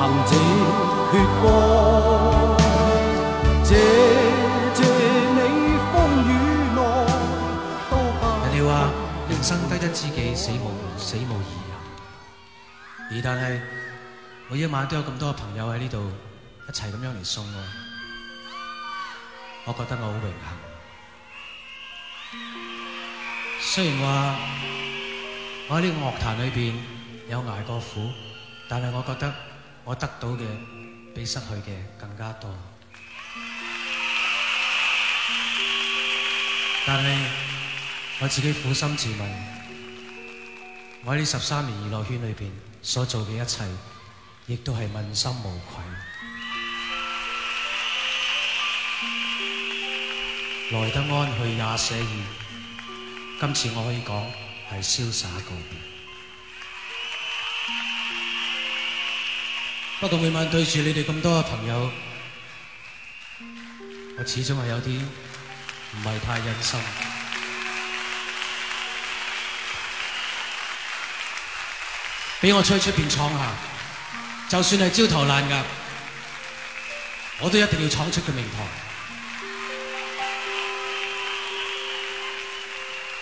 行血光謝謝你風雨落。雨人哋話，人生低得一知己，死無死無遺憾。而但係，每一晚都有咁多嘅朋友喺呢度，一齊咁樣嚟送我，我覺得我好榮幸。雖然話，我喺呢個樂壇裏邊有挨過苦，但係我覺得。我得到嘅比失去嘅更加多，但係我自己苦心自問，我喺呢十三年娛樂圈裏邊所做嘅一切，亦都係問心無愧。來得安，去也寫意。今次我可以講，係瀟灑告別。不過每晚對住你哋咁多嘅朋友，我始終係有啲唔係太忍心，俾 我出去出邊闖下，就算係焦頭爛額，我都一定要闖出個名堂。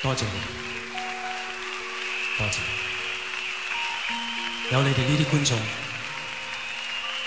多謝你，多謝你哋，有你哋呢啲觀眾。